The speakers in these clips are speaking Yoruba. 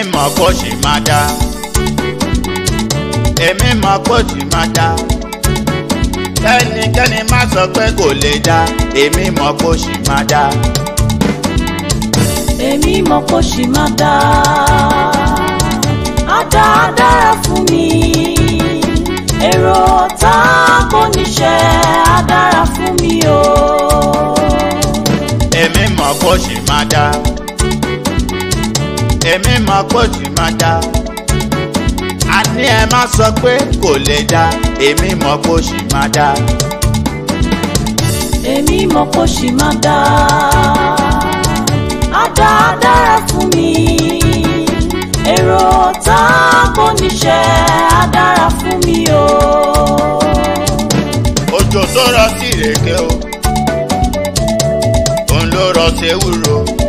èmi mà kọ́ ṣì máa dá èmi mà kọ́ ṣì máa dá ẹnikẹ́ni má sọ pé kò lè dá èmi mà kọ́ ṣì máa dá. èmi mà kọ́ ṣì máa dá á dá dára fún mi èrò tá kò níṣẹ́ á dára fún mi o. èmi mà kọ́ ṣì máa dá èmi mọ̀ kó sì máa dá a ní ẹ má sọ pé kò lè dá èmi mọ̀ kó sì máa dá. èmi mọ̀ kó sì máa dá a dá dára fún mi èrò tá a kò níṣẹ́ a dára fún mi o. òjò tó rọ sí ìrèké o òun ló rọ sí ewúro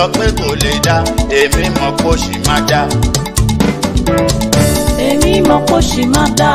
sọ pé kò lè dá èmi mọ̀ kó sì máa dá. èmi mọ̀ kó sì máa dá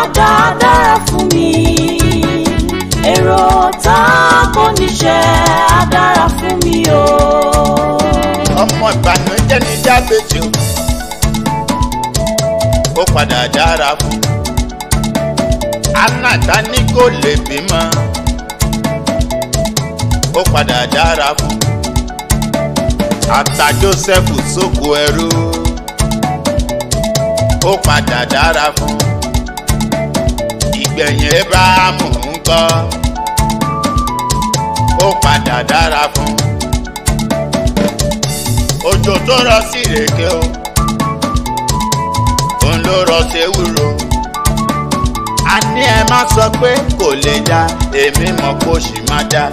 á dá dára fún mi èrò tá a kò níṣẹ́ á dára fún mi o. ọmọ ìbànújẹ́ ni jábẹ́jì ó padà dára fún. anata ni kò lè bímọ ó padà dára fún ata Joseph sóko ẹrú ó padà dára fún ìgbẹ̀yìn Ábúráhámù ńkọ́ ó padà dára fún òjò tó rọ̀ sí ìrèké o òun ló rọ̀ sí ewúro a ní ẹ má sọ pé kò lè dá èmi mọ̀ kó sì má dá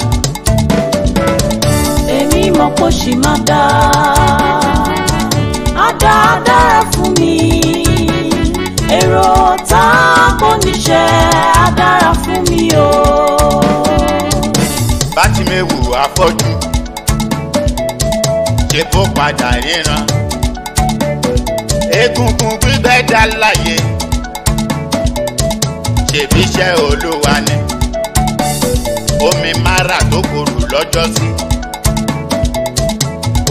èmi mọ̀ pé ṣì máa dá a dá a dára fún mi èrò tá a kò níṣẹ́ a dára fún mi o. bá ti mẹ́wù afọ́jú ṣe bó padà ríran egungun gbígbẹ́ dá láyé ṣèbíṣẹ́ olúwa ni wàhálà tó korò lọ́jọ́ sí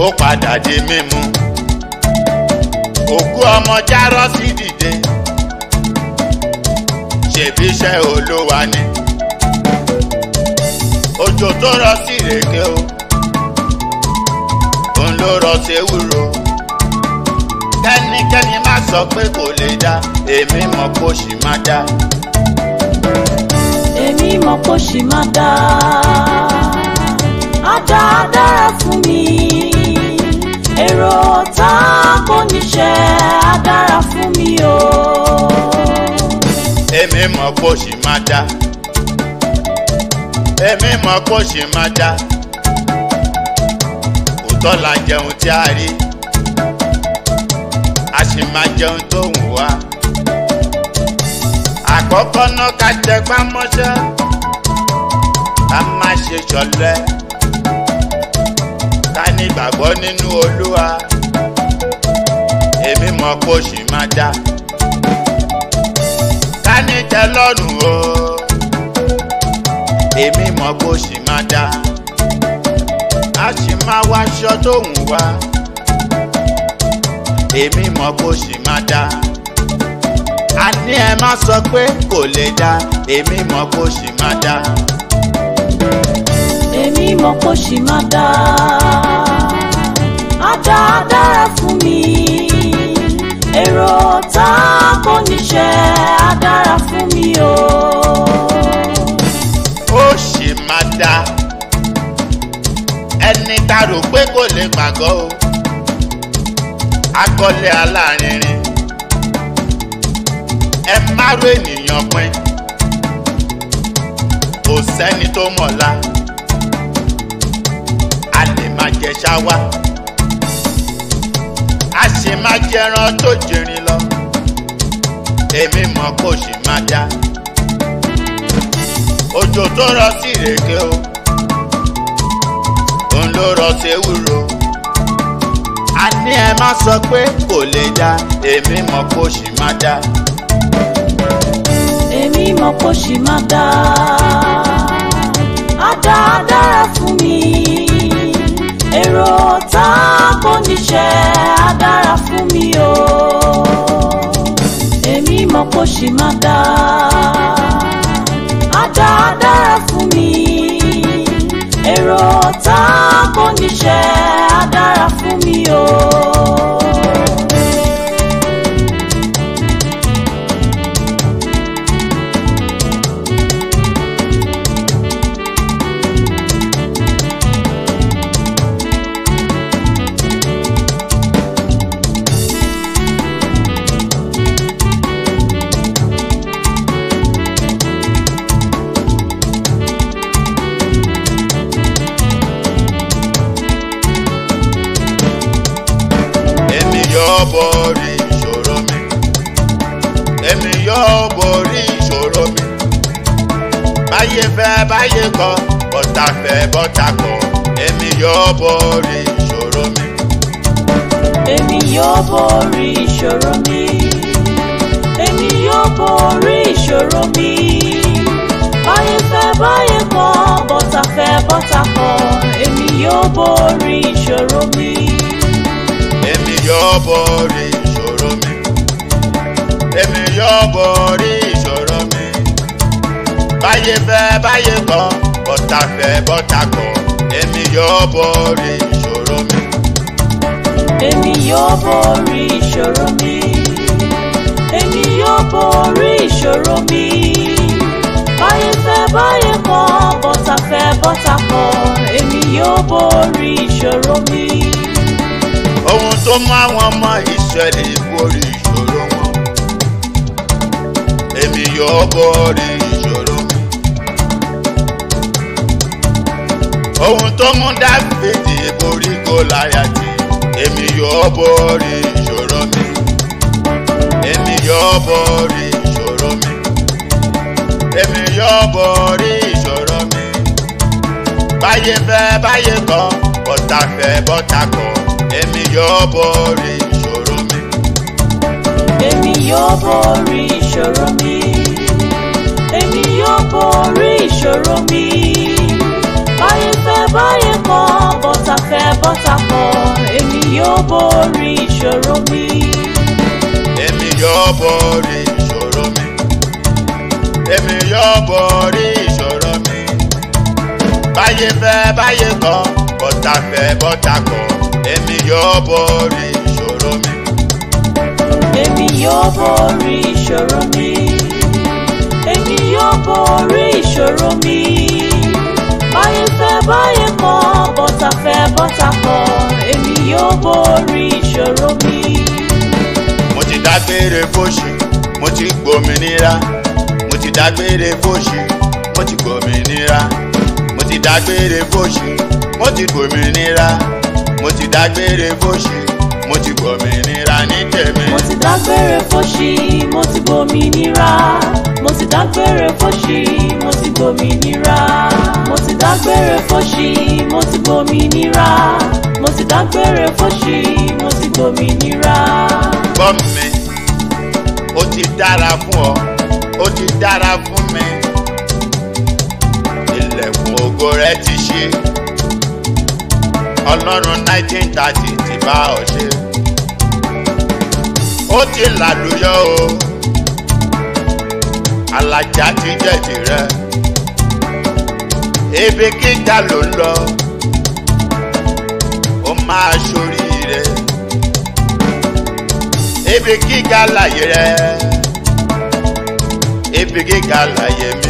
ó padà di mímu òkú ọmọ járọ́ sí dìde ṣèbí iṣẹ́ olówà ni òjò tó rọ̀ sí ìrèké o òun ló rọ̀ sí ewúro kẹ́nikẹ́ni má sọ pé kò lè dá èmi mọ̀ kó sì má dá èmi mọ̀ kó ṣì máa dá àdá dára fún mi èrò tá a kò níṣẹ́ á dára fún mi o. èmi mọ̀ kó ṣì máa dá èmi mọ̀ kó ṣì máa dá òótọ́ la jẹun tí a rí a sì máa jẹun tó wù wá àkọ́kọ́ náà ká tẹpá mọ́ṣẹ́ ká má ṣe ṣọ̀lẹ ká ní ìgbàgbọ́ nínú olúwa èmi mọ̀ kó sì máa dá ká ní tẹ́lọ́rùn o èmi mọ̀ kó sì máa dá a sì máa wáṣọ tóun wá èmi mọ̀ kó sì máa dá a ní ẹ má sọ pé kò lè dá èmi mọ̀ kó sì má dá. èmi mọ̀ kó sì má dá ajá dára fún mi èrò tá a kò níṣẹ́ á dára fún mi o. ó sì má dá ẹni tá a rò pé kò lè gbàgbọ́ o akọ́lé alárinrin kárò ènìyàn pin kò sẹ́ni tó mọ̀la a lè má jẹ ṣáwá a sì má jẹran tó jẹrin lọ èmi mọ̀ kó sì má dá òjò tó rọ̀ sí ìrèké o òun ló rọ̀ sí ewúro a ní ẹ má sọ pé kò lè dá èmi mọ̀ kó sì má dá mímọ̀ kó sì má dá a dá a dára fún mi èrò tá a kò níṣẹ́ a dára fún mi o èmi mọ̀ kó sì má dá a dá a dára fún mi èrò tá a kò níṣẹ́. borí ìṣòro mi èmi yóò borí ìṣòro mi báyé fẹ́ báyé kọ̀ bọ́tà fẹ́ bọ́tà kọ̀ èmi yóò borí ìṣòro mi. èmi yóò borí ìṣòro mi èmi yóò borí ìṣòro mi báyé fẹ́ báyé kọ̀ bọ́tà fẹ́ bọ́tà kọ̀ èmi yóò borí ìṣòro mi yóò borí ìṣòro mi èmi yóò borí ìṣòro mi báyé fẹ́ báyé kọ̀ bọ́tà fẹ́ bọ́tà kọ̀ èmi yóò borí ìṣòro mi. èmi yóò borí ìṣòro mi èmi yóò borí ìṣòro mi báyé fẹ́ báyé kọ̀ bọ́tà fẹ́ bọ́tà kọ̀ èmi yóò borí ìṣòro mi tó mú àwọn ọmọ ìṣẹ̀lẹ̀ ìborí ìṣòro wọn èmi yóò borí ìṣòro mi. ohun tó mú dáfídì borí gòláyàtì èmi yóò borí ìṣòro mi. èmi yóò borí ìṣòro mi. èmi yóò borí ìṣòro mi. báyé fẹ́ báyé kọ̀ bọ́tà fẹ́ bọ́tà kọ̀ èmi yóò borí ìṣòro mi. èmi yóò borí ìṣòro mi. èmi yóò borí ìṣòro mi. báyé fẹ́ báyé kọ̀ bọ́tà fẹ́ bọ́tà kọ̀ èmi yóò borí ìṣòro mi. èmi yóò borí ìṣòro mi. èmi yóò borí ìṣòro mi. báyé fẹ́ báyé kọ̀ bọ́tà fẹ́ bọ́tà kọ̀ your body ìṣòro mi. Èmi yóò borí ìṣòro mi. Èmi yóò borí ìṣòro mi. Báyé fẹ́ báyé kọ̀, bọ́tà fẹ́ bọ́tà kọ̀. Èmi yóò borí ìṣòro mi. Mo ti dágbére fóṣì, mo ti gbòmìnira. Mo ti dágbére fóṣì, mo ti gbòmìnira. Mo ti dágbére fóṣì, mo ti gbòmìnira mo ti dágbére fóṣì mo ti gbòmìnira ní tèmi. mo ti dágbére fóṣì mo ti gbòmìnira mo ti dágbére fóṣì mo ti gbòmìnira mo ti dágbére fóṣì mo ti gbòmìnira mo ti dágbére fóṣì mo ti gbòmìnira. gbọ́ mi ó ti dára fún ọ ó ti dára fún mi ilẹ̀kùn ògo rẹ ti ṣí ọlọ́run 1930 ti bá ọ ṣe ó ti làlùyọ o alájà ti jẹ́ tirẹ̀ ibi kíjà ló ń lọ ó máa ṣoríire ibi gíga láyé rẹ ibi gíga láyé mi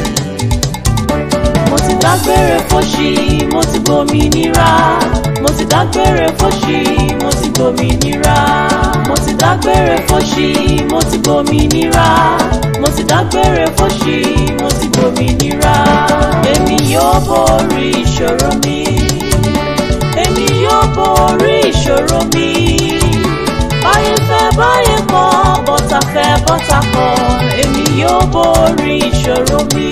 dágbére fóṣì mo ti gbòmìnira mo ti dágbére fóṣì mo ti gbòmìnira mo ti dágbére fóṣì mo ti gbòmìnira mo ti dágbére fóṣì mo ti gbòmìnira èmi yóò borí ìṣòro mi èmi yóò borí ìṣòro mi báyé fẹ́ báyé kọ̀ bọ́tà fẹ́ bọ́tà kọ̀ èmi yóò borí ìṣòro mi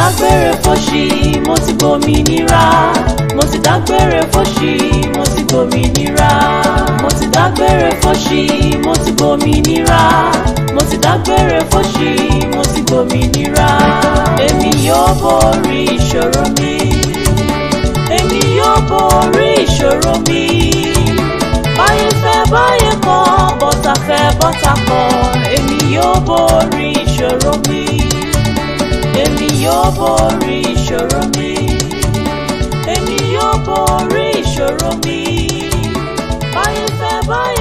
dágbére fóṣì mo ti gbòmìnira mo ti dágbére fóṣì mo ti gbòmìnira mo ti dágbére fóṣì mo ti gbòmìnira mo ti dágbére fóṣì mo ti gbòmìnira èmi yóò borí ìṣòro mi èmi yóò borí ìṣòro mi báyé fẹ́ báyé kọ̀ bọ́tà fẹ́ bọ́tà kọ̀ èmi yóò borí ìṣòro mi yóò borí ìṣòro mi èmi yóò borí ìṣòro mi báyìí fẹ́ báyìí.